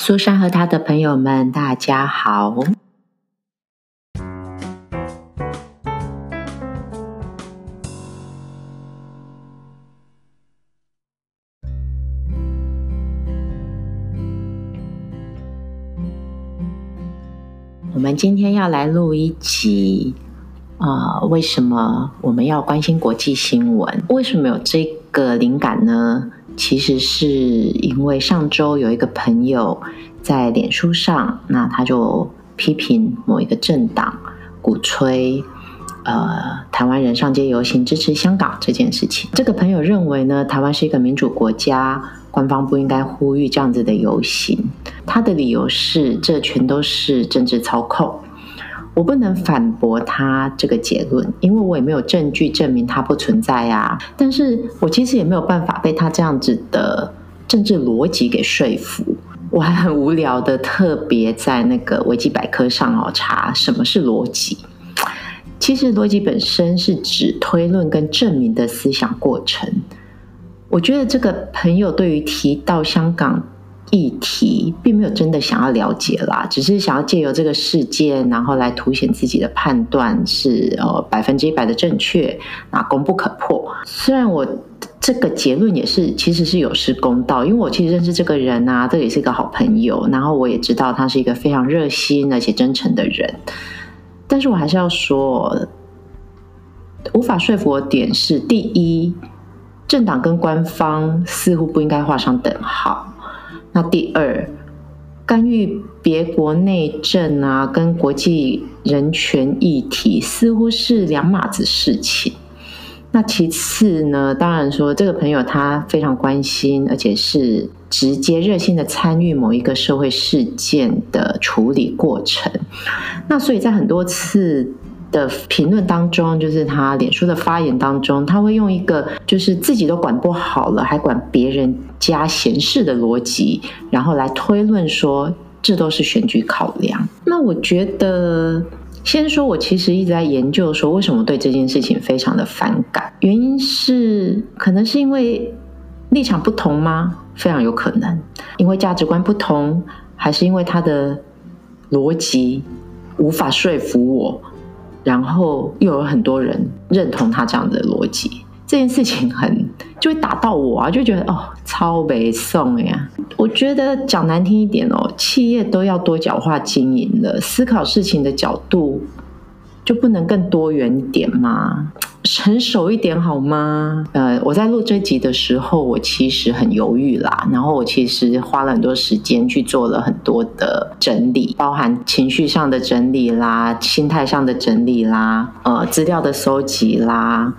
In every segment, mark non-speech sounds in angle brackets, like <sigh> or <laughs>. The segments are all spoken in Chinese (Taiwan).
蘇珊和她的朋友們，大家好。 <music> 我們今天要來錄一集，啊、呃，為什麼我們要關心國際新聞？為什麼有這個靈感呢？其實是因為上周有一個朋友在臉書上，那他就批評某一個政黨，鼓吹呃台灣人上街遊行支持香港這件事情。這個朋友認為呢，台灣是一個民主國家，官方不應該呼籲這樣子的遊行。他的理由是，這全都是政治操控。我不能反駁他這個結論，因為我也沒有證據證明他不存在啊。但是我其實也沒有辦法被他這樣子的政治邏輯給說服。我還很無聊的，特別在那個維基百科上哦，查什麼是邏輯。其實邏輯本身是指推論跟證明的思想過程。我覺得這個朋友對於提到香港議題並沒有真的想要了解啦，只是想要借由這個事件，然後來凸顯自己的判斷是呃百分之一百的正確，啊攻不可破。雖然我這個結論也是其實是有失公道，因為我其實認識這個人啊，這也是一個好朋友，然後我也知道他是一個非常熱心而且真誠的人，但是我還是要說，無法說服我的點是第一，政黨跟官方似乎不應該畫上等號。那第二，干預別國內政啊，跟國際人權議題似乎是兩碼子事情。那其次呢，當然說這個朋友他非常關心，而且是直接熱心的參與某一個社會事件的處理過程。那所以在很多次的評論當中，就是他臉書的發言當中，他會用一個就是自己都管不好了，還管別人。加閒事的邏輯，然後來推論說，這都是選舉考量。那我覺得，先說我其實一直在研究說，為什麼對這件事情非常的反感？原因是可能是因為立場不同嗎？非常有可能，因為價值觀不同，還是因為他的邏輯無法說服我？然後又有很多人認同他這樣的邏輯。這件事情很就會打到我啊，就覺得哦，超悲送呀！我覺得講難聽一點哦，企業都要多角化經營了，思考事情的角度就不能更多元點嗎？成熟一點好嗎？呃，我在錄這集的時候，我其實很猶豫啦，然後我其實花了很多時間去做了很多的整理，包含情緒上的整理啦、心態上的整理啦、呃，資料的收集啦。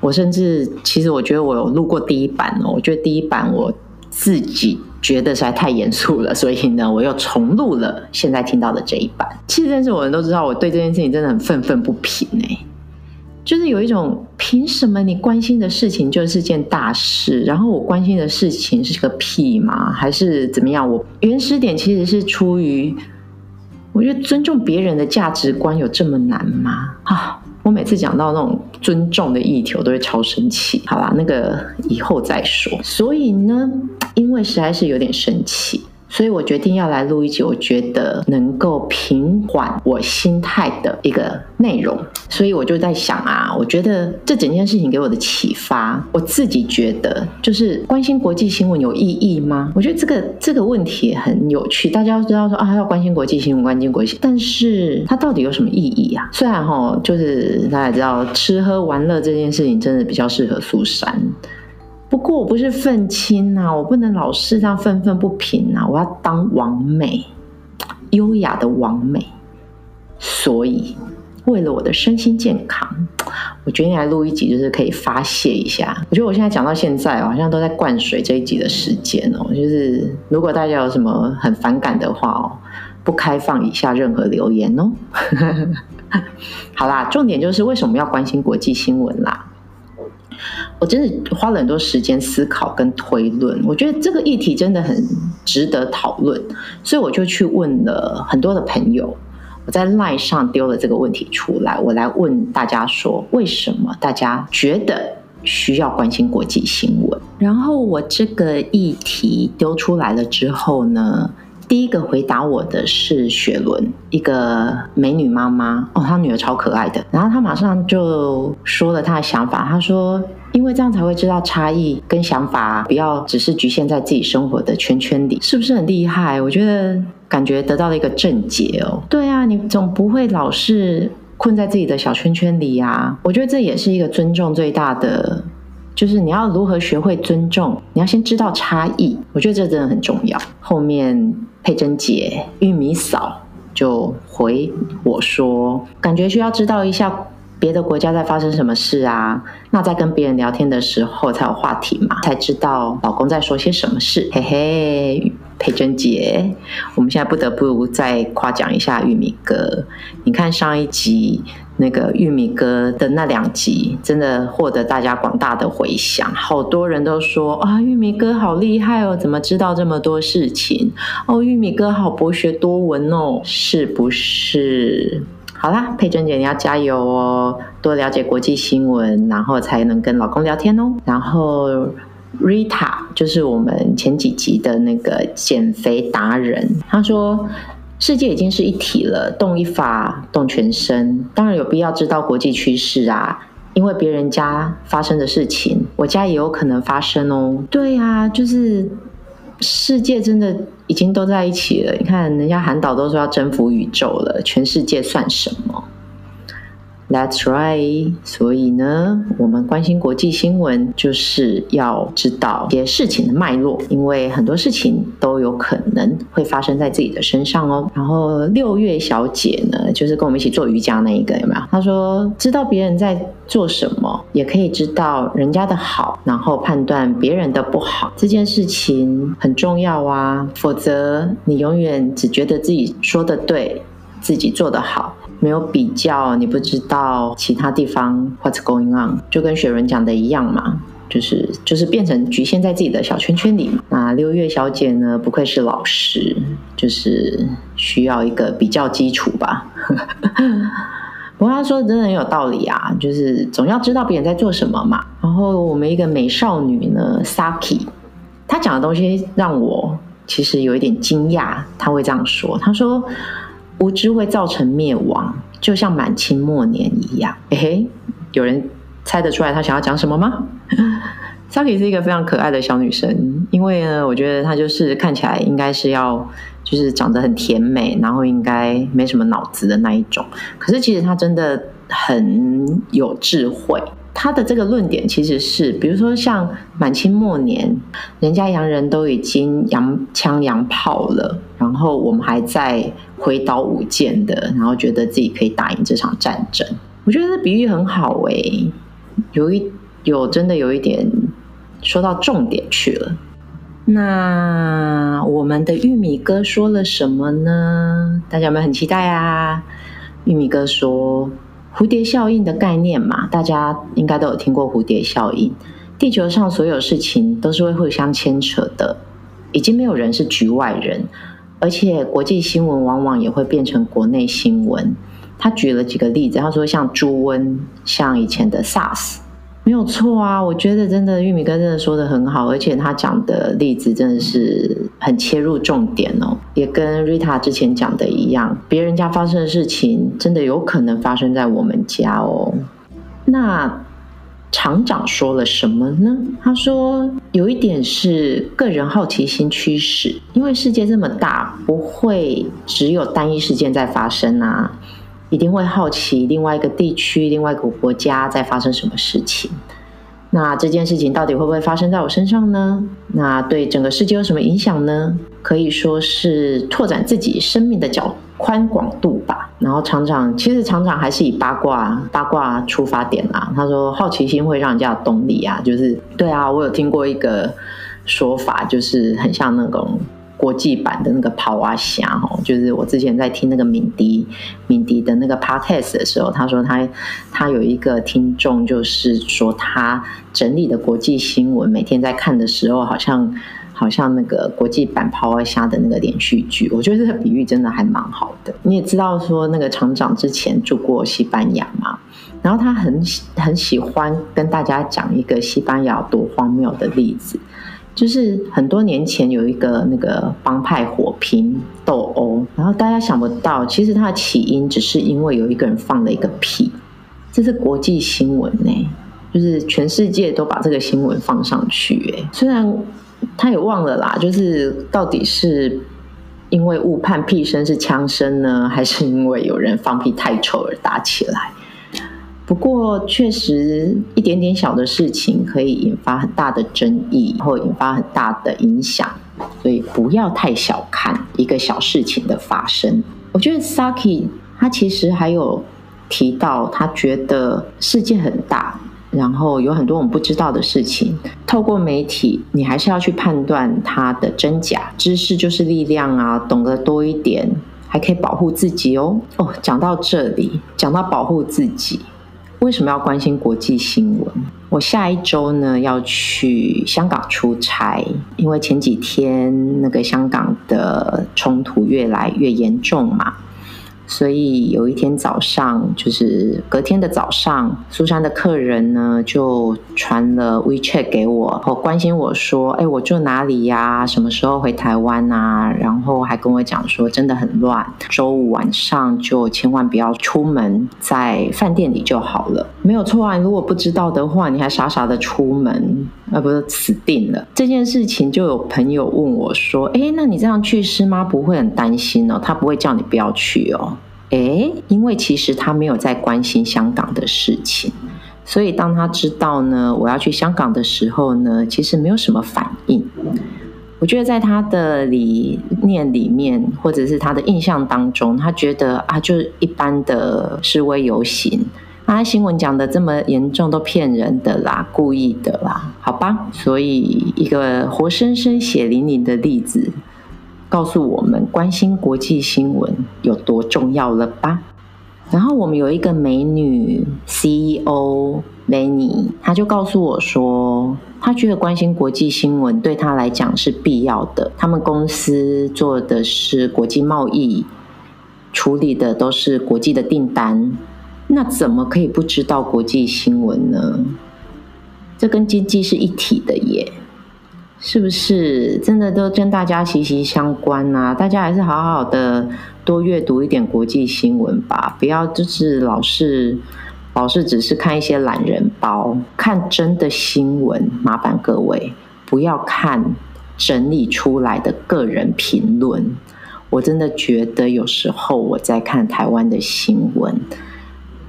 我甚至其實，我覺得我有錄過第一版哦。我覺得第一版我自己覺得實在太嚴肅了，所以呢，我又重錄了現在聽到的這一版。其實認識我的人都知道，我對這件事情真的很憤憤不平呢、欸。就是有一種憑什麼你關心的事情就是件大事，然後我關心的事情是個屁嗎？還是怎麼樣？我原始點其實是出於，我覺得尊重別人的價值觀有這麼難嗎？啊？我每次講到那種尊重的議題，我都會超生氣。好啦，那個以後再說。所以呢，因為實在是有點生氣。所以我決定要來錄一集，我覺得能夠平緩我心態的一個內容。所以我就在想啊，我覺得這整件事情給我的啟發，我自己覺得就是關心國際新聞有意義嗎？我覺得這個這個問題很有趣。大家都知道說啊，要關心國際新聞，關心國際，但是它到底有什麼意義啊？雖然齁，就是大家知道吃喝玩樂這件事情，真的比較適合蘇珊。不過我不是憤青吶，我不能老是這樣憤憤不平吶、啊。我要當完美、優雅的完美，所以為了我的身心健康，我決定來錄一集，就是可以發洩一下。我覺得我現在講到現在，好像都在灌水這一集的時間哦。就是如果大家有什麼很反感的話哦，不開放以下任何留言哦。 <laughs> 好啦，重點就是為什麼要關心國際新聞啦。我真的花了很多時間思考跟推論，我覺得這個議題真的很值得討論，所以我就去問了很多的朋友。我在 LINE 上丟了這個問題出來，我來問大家說，為什麼大家覺得需要關心國際新聞？然後我這個議題丟出來了之後呢？第一個回答我的是雪倫，一個美女媽媽哦，她女兒超可愛的。然後她馬上就說了她的想法，她說，因為這樣才會知道差異跟想法，不要只是局限在自己生活的圈圈裡，是不是很厲害？我覺得感覺得到了一個正解哦。對啊，你總不會老是困在自己的小圈圈裡啊。我覺得這也是一個尊重最大的。就是你要如何學會尊重，你要先知道差異，我覺得這真的很重要。後面佩珍姐、玉米嫂就回我說，感覺需要知道一下別的國家在發生什麼事啊，那在跟別人聊天的時候才有話題嘛，才知道老公在說些什麼事。嘿嘿，佩珍姐，我們現在不得不再誇獎一下玉米哥，你看上一集。那個玉米哥的那兩集真的獲得大家廣大的回響，好多人都說啊、哦，玉米哥好厲害哦，怎麼知道這麼多事情哦？玉米哥好博學多聞哦，是不是？好啦，佩珍姐你要加油哦，多了解國際新聞，然後才能跟老公聊天哦。然後 Rita 就是我們前幾集的那個減肥達人，她說。世界已經是一體了，動一髮動全身，當然有必要知道國際趨勢啊，因為別人家發生的事情，我家也有可能發生哦。對啊，就是世界真的已經都在一起了。你看，人家韓導都說要征服宇宙了，全世界算什麼？That's right，所以呢，我們關心國際新聞，就是要知道一些事情的脈絡，因為很多事情都有可能會發生在自己的身上哦。然後六月小姐呢，就是跟我們一起做瑜伽那一個，有沒有？她說，知道別人在做什麼，也可以知道人家的好，然後判斷別人的不好，這件事情很重要啊。否則，你永遠只覺得自己說的對，自己做得好。沒有比較，你不知道其他地方 what's going on，就跟雪人講的一樣嘛，就是就是變成局限在自己的小圈圈裡嘛。那六月小姐呢，不愧是老師，就是需要一個比較基礎吧。 <laughs> 不過她說的真的很有道理啊，就是總要知道別人在做什麼嘛。然後我們一個美少女呢，Saki，她講的東西讓我其實有一點驚訝，她會這樣說，她說。無知會造成滅亡，就像滿清末年一樣。嘿，有人猜得出來他想要講什麼嗎？Saki 是一個非常可愛的小女生，因為呢，我覺得她就是看起來應該是要就是長得很甜美，然後應該沒什麼腦子的那一種。可是其實她真的很有智慧。她的這個論點其實是，比如說像滿清末年，人家洋人都已經洋槍洋炮了，然後我們還在。揮刀舞劍的，然後覺得自己可以打贏這場戰爭。我覺得這比喻很好哎、欸，有一有真的有一點說到重點去了。那我們的玉米哥說了什麼呢？大家有沒有很期待啊？玉米哥說蝴蝶效應的概念嘛，大家應該都有聽過蝴蝶效應。地球上所有事情都是會互相牽扯的，已經沒有人是局外人。而且國際新聞往往也會變成國內新聞。他舉了幾個例子，他說像豬瘟，像以前的 SARS，沒有錯啊。我覺得真的，玉米哥真的說得很好，而且他講的例子真的是很切入重點哦。也跟 Rita 之前講的一樣，別人家發生的事情，真的有可能發生在我們家哦。那。廠長說了什麼呢？他說，有一點是個人好奇心驅使，因為世界這麼大，不會只有單一事件在發生啊，一定會好奇另外一個地區，另外一個國家在發生什麼事情。那這件事情到底會不會發生在我身上呢？那對整個世界有什麼影響呢？可以說是拓展自己生命的角寬廣度吧。然後廠長，其實廠長還是以八卦八卦出發點啦、啊。他說，好奇心會讓人家有動力啊，就是對啊，我有聽過一個說法，就是很像那種。國際版的那個跑娃俠，吼，就是我之前在聽那個敏迪、敏迪的那個 podcast 的時候，他說他他有一個聽眾，就是說他整理的國際新聞，每天在看的時候，好像好像那個國際版泡娃俠的那個連續劇。我覺得這個比喻真的還蠻好的。你也知道說那個廠長之前住過西班牙嘛，然後他很很喜歡跟大家講一個西班牙多荒謬的例子。就是很多年前有一個那個幫派火拼鬥毆，然後大家想不到，其實它的起因只是因為有一個人放了一個屁，這是國際新聞呢，欸，就是全世界都把這個新聞放上去，欸，雖然他也忘了啦，就是到底是因為誤判屁聲是槍聲呢，還是因為有人放屁太臭而打起來？不過，確實一點點小的事情可以引發很大的爭議，或引發很大的影響，所以不要太小看一個小事情的發生。我覺得 Saki 他其實還有提到，他覺得世界很大，然後有很多我們不知道的事情。透過媒體，你還是要去判斷它的真假。知識就是力量啊，懂得多一點，還可以保護自己哦。哦，講到這裡，講到保護自己。為什麼要關心國際新聞？我下一周呢要去香港出差，因為前幾天那個香港的衝突越來越嚴重嘛。所以有一天早上，就是隔天的早上，蘇珊的客人呢就傳了 WeChat 給我，然後關心我說：“哎，我住哪裡呀？什麼時候回台灣啊？”然後還跟我講說：“真的很亂，週五晚上就千萬不要出門，在飯店裡就好了。”沒有錯啊，如果不知道的話，你還傻傻的出門。那、啊、不是死定了這件事情，就有朋友問我說：“哎，那你這樣去，師媽不會很擔心哦？他不會叫你不要去哦？”哎，因為其實他沒有在關心香港的事情，所以當他知道呢，我要去香港的時候呢，其實沒有什麼反應。我覺得在他的理念裡面，或者是他的印象當中，他覺得啊，就是一般的示威遊行。他、啊、新聞講的這麼嚴重，都騙人的啦，故意的啦，好吧？所以一個活生生、血淋淋的例子，告訴我們關心國際新聞有多重要了吧？然後我們有一個美女 CEO 維尼，她就告訴我說，她覺得關心國際新聞對她來講是必要的。他們公司做的是國際貿易，處理的都是國際的訂單。那怎麼可以不知道國際新聞呢？這跟經濟是一體的耶，是不是？真的都跟大家息息相關啊？大家還是好好的多閱讀一點國際新聞吧，不要就是老是老是只是看一些懶人包，看真的新聞。麻煩各位不要看整理出來的個人評論，我真的覺得有時候我在看台灣的新聞。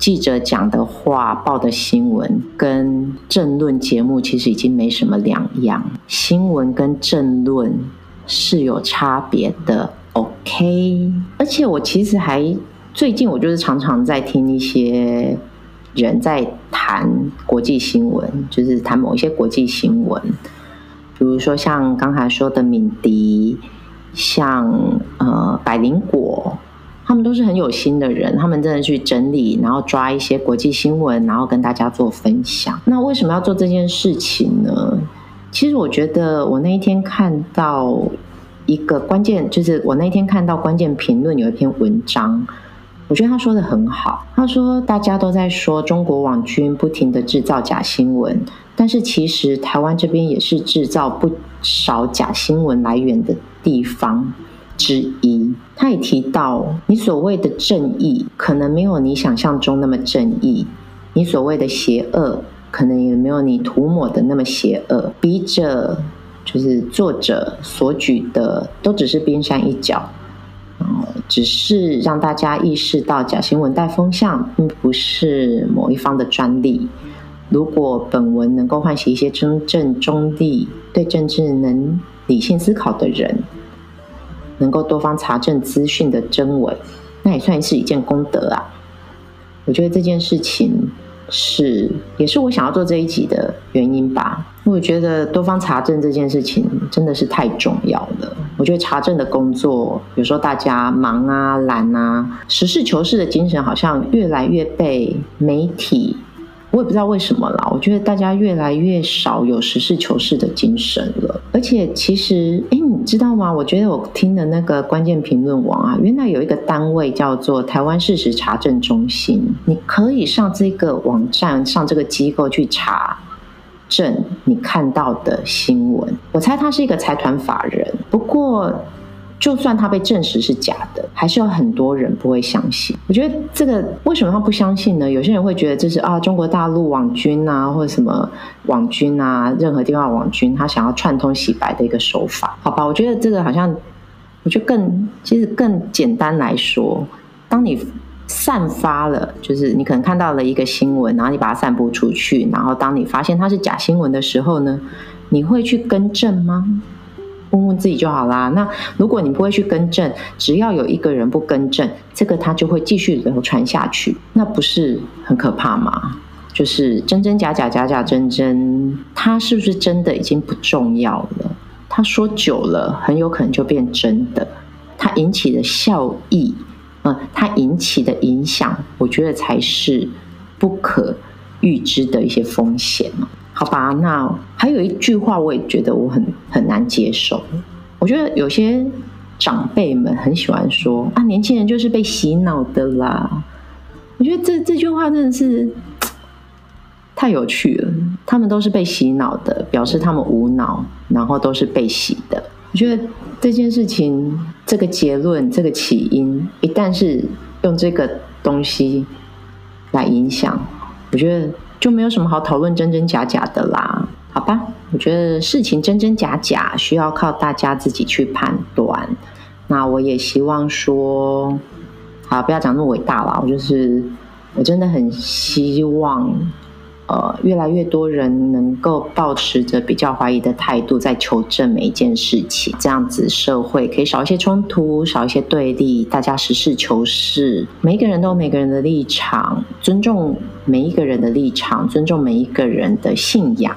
記者講的話、報的新聞跟政論節目其實已經沒什麼兩樣。新聞跟政論是有差別的，OK。而且我其實還最近我就是常常在聽一些人在談國際新聞，就是談某一些國際新聞，比如說像剛才說的敏迪，像呃百靈果。他們都是很有心的人，他們真的去整理，然後抓一些國際新聞，然後跟大家做分享。那為什麼要做這件事情呢？其實我覺得，我那一天看到一個關鍵，就是我那一天看到關鍵評論有一篇文章，我覺得他說得很好。他說大家都在說中國網軍不停地制造假新聞，但是其實台灣這邊也是制造不少假新聞來源的地方。之一，他也提到，你所謂的正義可能沒有你想象中那麼正義，你所謂的邪惡可能也沒有你塗抹的那麼邪惡。筆者就是作者所舉的，都只是冰山一角，只是讓大家意識到假新聞帶風向並不是某一方的專利。如果本文能夠喚起一些真正中立、對政治能理性思考的人。能夠多方查證資訊的真偽，那也算是一件功德啊。我覺得這件事情是，也是我想要做這一集的原因吧。我覺得多方查證這件事情真的是太重要了。我覺得查證的工作，比如說大家忙啊、懶啊，實事求是的精神好像越來越被媒體，我也不知道為什麼啦，我覺得大家越來越少有實事求是的精神了，而且其實。你知道嗎？我覺得我聽的那個關鍵評論網啊，原來有一個單位叫做台灣事實查證中心，你可以上這個網站，上這個機構去查證你看到的新聞。我猜他是一個財團法人，不過。就算他被證實是假的，還是有很多人不會相信。我覺得這個為什麼他不相信呢？有些人會覺得這是啊中國大陸網軍啊，或者什麼網軍啊，任何地方網軍，他想要串通洗白的一個手法。好吧，我覺得這個好像，我覺得更其實更簡單來說，當你散發了，就是你可能看到了一個新聞，然後你把它散播出去，然後當你發現它是假新聞的時候呢，你會去更正嗎？問問自己就好啦。那如果你不會去更正，只要有一個人不更正，這個他就會繼續流傳下去，那不是很可怕嗎？就是真真假假，假假真真，他是不是真的已經不重要了？他說久了，很有可能就變真的。他引起的效益，嗯、呃，他引起的影響，我覺得才是不可預知的一些風險嘛。好吧，那還有一句話，我也覺得我很很難接受。我覺得有些長輩們很喜歡說：“啊，年輕人就是被洗腦的啦。”我覺得這這句話真的是太有趣了。他們都是被洗腦的，表示他們無腦，然後都是被洗的。我覺得這件事情，這個結論，這個起因，一旦是用這個東西來影響，我覺得。就沒有什麼好討論真真假假的啦，好吧？我覺得事情真真假假需要靠大家自己去判斷。那我也希望說，好，不要講那麼偉大啦。我就是，我真的很希望。呃，越來越多人能夠抱持着比較懷疑的態度，在求證每一件事情，這樣子社會可以少一些衝突，少一些對立，大家實事求是，每一個人都有每個人的立場，尊重每一個人的立場，尊重每一個人的信仰，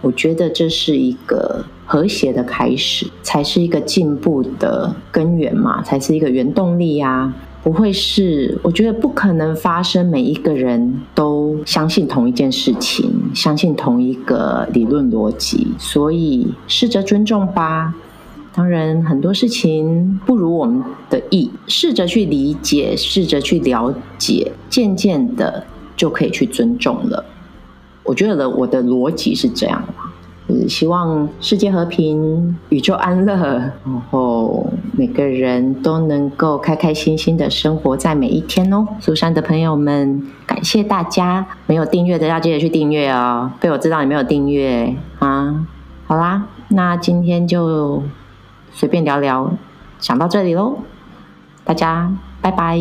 我覺得這是一個和諧的開始，才是一個進步的根源嘛，才是一個原動力呀。不會是，我覺得不可能發生每一個人都相信同一件事情，相信同一個理論邏輯，所以試着尊重吧。當然，很多事情不如我們的意，試着去理解，試着去了解，漸漸的就可以去尊重了。我覺得我的邏輯是這樣。希望世界和平，宇宙安樂，然後每個人都能夠開開心心的生活在每一天哦。蘇珊的朋友們，感謝大家，沒有訂閱的要記得去訂閱哦，被我知道你沒有訂閱啊。好啦，那今天就隨便聊聊，想到這裡嘍，大家拜拜。